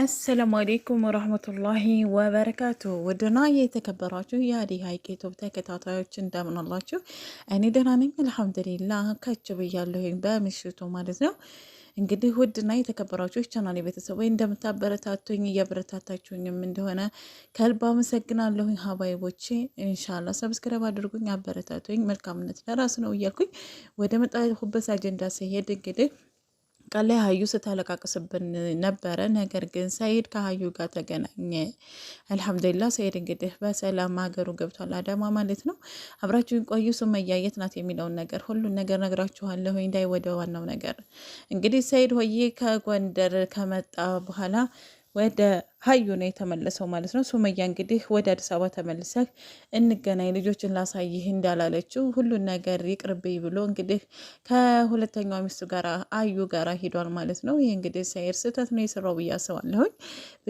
አሰላሙ አሌይኩም ወረህመቱላሂ ወበረካቱ ውድና የተከበራችሁ የአዲ ሀይቅ ዩቱብ ተከታታዮች እንደምን አላችሁ? እኔ ደህና ነኝ አልሐምዱሊላህ። ከች ብያለሁኝ በምሽቱ ማለት ነው። እንግዲህ ውድና የተከበራችሁ ቻናል ቤተሰቦች እንደምታበረታቱኝ እያበረታታችሁኝም እንደሆነ ከልብ አመሰግናለሁኝ። ሀባይቦቼ ኢንሻላህ ሰብስክራይብ አድርጉኝ፣ አበረታቱኝ። መልካምነት ለራስ ነው እያልኩኝ ወደ መጣሁበት አጀንዳ ሲሄድ እንግዲህ ቀን ላይ ሀዩ ስታለቃቅስብን ነበረ። ነገር ግን ሰይድ ከሀዩ ጋር ተገናኘ። አልሐምዱሊላ ሰይድ እንግዲህ በሰላም ሀገሩ ገብቷል፣ አዳማ ማለት ነው። አብራችሁን ቆዩ። ሱመያ የት ናት የሚለውን ነገር ሁሉን ነገር ነግራችኋለሁ። እንዳይ ወደ ዋናው ነገር እንግዲህ ሰይድ ሆዬ ከጎንደር ከመጣ በኋላ ወደ ሀዩ ነው የተመለሰው ማለት ነው። ሱመያ እንግዲህ ወደ አዲስ አበባ ተመልሰህ እንገናኝ፣ ልጆችን ላሳይህ እንዳላለችው ሁሉን ነገር ይቅርብኝ ብሎ እንግዲህ ከሁለተኛው ሚስቱ ጋር አዩ ጋር ሂዷል ማለት ነው። ይህ እንግዲህ ሰይር ስህተት ነው የሰራው ብዬ አስባለሁኝ።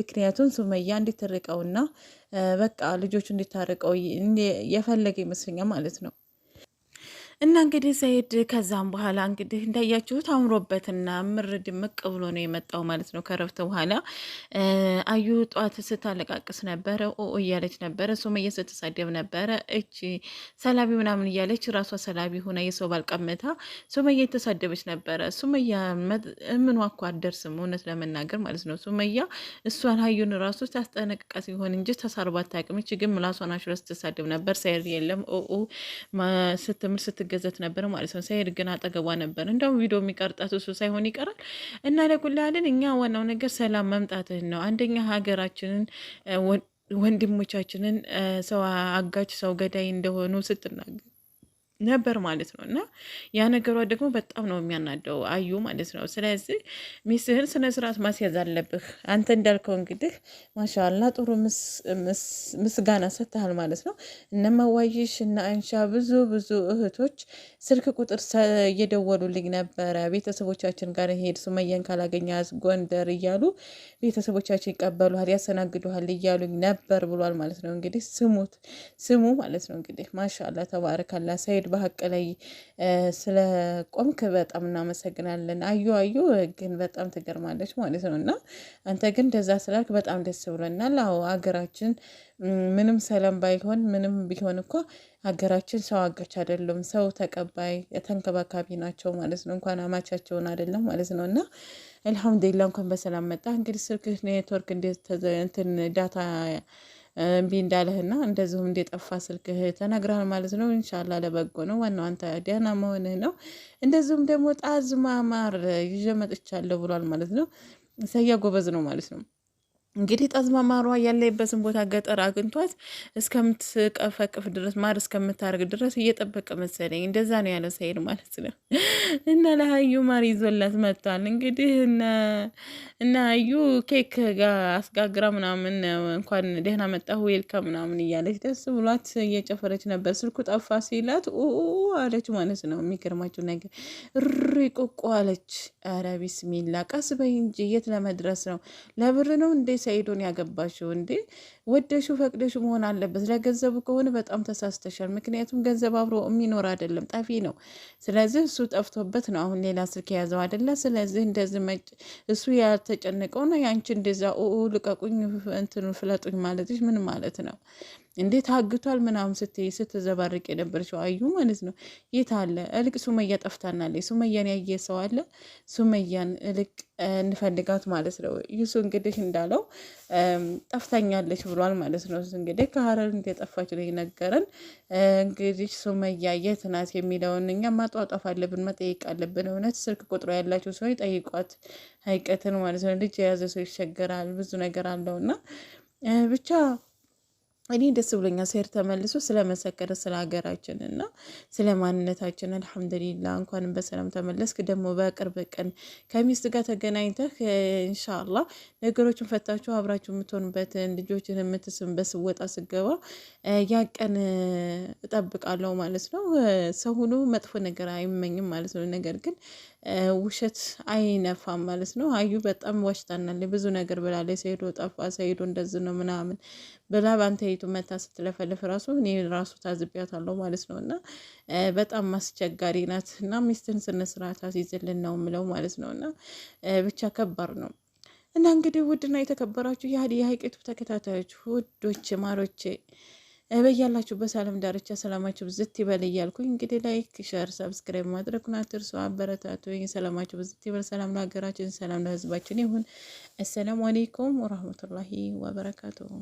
ምክንያቱም ሱመያ እንድትርቀውና በቃ ልጆቹ እንድታርቀው የፈለገ ይመስለኛል ማለት ነው። እና እንግዲህ ሰኢድ ከዛም በኋላ እንግዲህ እንዳያችሁት አምሮበትና ምር ድምቅ ብሎ ነው የመጣው ማለት ነው። ከረፍት በኋላ አዩ ጠዋት ስታለቃቅስ ነበረ፣ ኦ እያለች ነበረ። ሱመያ ስትሳደብ ነበረ፣ እቺ ሰላቢ ምናምን እያለች ራሷ ሰላቢ ሆና የሰው ባልቀምታ ሱመያ የተሳደበች ነበረ። ሱመያ ምኗ እኮ አደርስም እውነት ለመናገር ማለት ነው። ሱመያ እሷን አዩን ራሱ ታስጠነቅቃ ሲሆን እንጂ ተሳርባ አታውቅም። ግን ምላሷን አሽረ ስትሳደብ ነበር። ሰኢድ የለም ኦ ስትምር ስትገ ገዘት ነበር ማለት ነው። ሳሄድ ግን አጠገቧ ነበር። እንደውም ቪዲዮ የሚቀርጣት እሱ ሳይሆን ይቀራል። እና ለጉላልን እኛ ዋናው ነገር ሰላም መምጣትህን ነው። አንደኛ ሀገራችንን ወንድሞቻችንን ሰው አጋች ሰው ገዳይ እንደሆኑ ስትናገር ነበር ማለት ነው። እና ያ ነገሯ ደግሞ በጣም ነው የሚያናደው አዩ ማለት ነው። ስለዚህ ሚስህን ስነ ስርዓት ማስያዝ አለብህ። አንተ እንዳልከው እንግዲህ ማሻላ ጥሩ ምስጋና ሰጥተሃል ማለት ነው። እነ እና አንሻ ብዙ ብዙ እህቶች ስልክ ቁጥር እየደወሉልኝ ነበረ ቤተሰቦቻችን ጋር ሄድ ሱመየን ካላገኛት ጎንደር እያሉ ቤተሰቦቻችን ይቀበሉሃል፣ ያሰናግዱል እያሉኝ ነበር ብሏል ማለት ነው። እንግዲህ ስሙት ስሙ ማለት ነው። እንግዲህ ማሻላ ተባረካላ ሰይድ በሀቅ ላይ ስለ ቆምክ በጣም እናመሰግናለን። አዩ አዩ ግን በጣም ትገርማለች ማለት ነው። እና አንተ ግን እንደዛ ስላልክ በጣም ደስ ብሎናል። አዎ ሀገራችን ምንም ሰላም ባይሆን ምንም ቢሆን እኮ ሀገራችን ሰው አጋች አይደለም፣ ሰው ተቀባይ ተንከባካቢ ናቸው ማለት ነው። እንኳን አማቻቸውን አይደለም ማለት ነው። እና አልሐምዱሊላ እንኳን በሰላም መጣ። እንግዲህ ስልክ ኔትወርክ እንዴት እንትን ዳታ እምቢ እንዳለህና እንደዚሁም እንደጠፋ ስልክህ ተነግረሃል ማለት ነው። እንሻላ ለበጎ ነው። ዋናው አንተ ደህና መሆንህ ነው። እንደዚሁም ደግሞ ጣዝ ማማር ይዤ መጥቻለሁ ብሏል ማለት ነው። ሰያ ጎበዝ ነው ማለት ነው። እንግዲህ ጠዝማማሯ ያለበትን ቦታ ገጠር አግኝቷት እስከምትቀፈቅፍ ድረስ ማር እስከምታደርግ ድረስ እየጠበቀ መሰለኝ። እንደዛ ነው ያለ ሰይድ ማለት ነው። እና ለሀዩ ማር ይዞላት መጥቷል። እንግዲህ እና ሀዩ ኬክ ጋር አስጋግራ ምናምን እንኳን ደህና መጣሁ ዌልካ ምናምን እያለች ደስ ብሏት እየጨፈረች ነበር። ስልኩ ጠፋ ሲላት አለች ማለት ነው። የሚገርማችሁ ነገር ሪ ቁቁ አለች። ኧረ ቢስሚላ ቀስ በይ እንጂ የት ለመድረስ ነው? ለብር ነው እንዴ ሰይዱን ያገባሽው እንዴ? ወደሹ ፈቅደሹ መሆን አለበት። ለገንዘቡ ከሆነ በጣም ተሳስተሻል። ምክንያቱም ገንዘብ አብሮ የሚኖር አይደለም፣ ጠፊ ነው። ስለዚህ እሱ ጠፍቶበት ነው አሁን ሌላ ስልክ የያዘው አይደለ? ስለዚህ እንደዚህ መጭ እሱ ያልተጨነቀው ነው። ያንቺ እንደዛ ልቀቁኝ፣ እንትኑ ፍለጡኝ ማለትሽ ምን ማለት ነው? እንዴት አግቷል ምናምን ስትይ ስትዘባርቅ የነበረችው አዩ ማለት ነው። የት አለ እልቅ ሱመያ ጠፍታናለች። ሱመያን ያየ ሰው አለ? ሱመያን እልቅ እንፈልጋት ማለት ነው። ይሱ እንግዲህ እንዳለው ጠፍታኛለች ብሏል ማለት ነው። እንግዲህ ከሀረር እንደጠፋች ነው የነገረን። እንግዲህ ሱመያ የት ናት የሚለውን እኛ ማጧጧፍ አለብን፣ መጠየቅ አለብን። እውነት ስልክ ቁጥሮ ያላቸው ሰዎች ጠይቋት፣ ሀይቀትን ማለት ነው። ልጅ የያዘ ሰው ይቸገራል፣ ብዙ ነገር አለውና ብቻ እኔ ደስ ብሎኛል። ሴር ተመልሶ ስለመሰከረ ስለ ሀገራችን እና ስለ ማንነታችን አልሐምዱሊላ፣ እንኳንም በሰላም ተመለስክ። ደግሞ በቅርብ ቀን ከሚስት ጋር ተገናኝተህ እንሻላ ነገሮችን ፈታችሁ አብራችሁ የምትሆንበትን ልጆችን የምትስምበት ስወጣ ስገባ ያ ቀን እጠብቃለሁ ማለት ነው። ሰው ሁሉ መጥፎ ነገር አይመኝም ማለት ነው። ነገር ግን ውሸት አይነፋም ማለት ነው። አዩ በጣም ዋሽታናለች፣ ብዙ ነገር ብላለች። ሰይዶ ጠፋ፣ ሰይዶ እንደዚህ ነው ምናምን ብላ በአንተ ይቱ መታ ስትለፈልፍ ራሱ እኔ ራሱ ታዝቢያታለሁ ማለት ነው። እና በጣም አስቸጋሪ ናት። እና ሚስትን ስነ ስርዓት ነው ምለው ማለት ነው። እና ብቻ ከባድ ነው። እና እንግዲህ ውድና የተከበራችሁ የሀዲ የሀይቄቱ ተከታታዮች ውዶች ማሮቼ በያላችሁበት ዓለም ዳርቻ ሰላማችሁ ብዝት ይበል እያልኩኝ እንግዲህ ላይክ፣ ሸር፣ ሰብስክራይብ ማድረጉን አትርሱ። አበረታቱኝ። ሰላማችሁ ብዝት ይበል። ሰላም ለሀገራችን፣ ሰላም ለሕዝባችን ይሁን። አሰላሙ አሌይኩም ወራህመቱላሂ ወበረካቱሁ።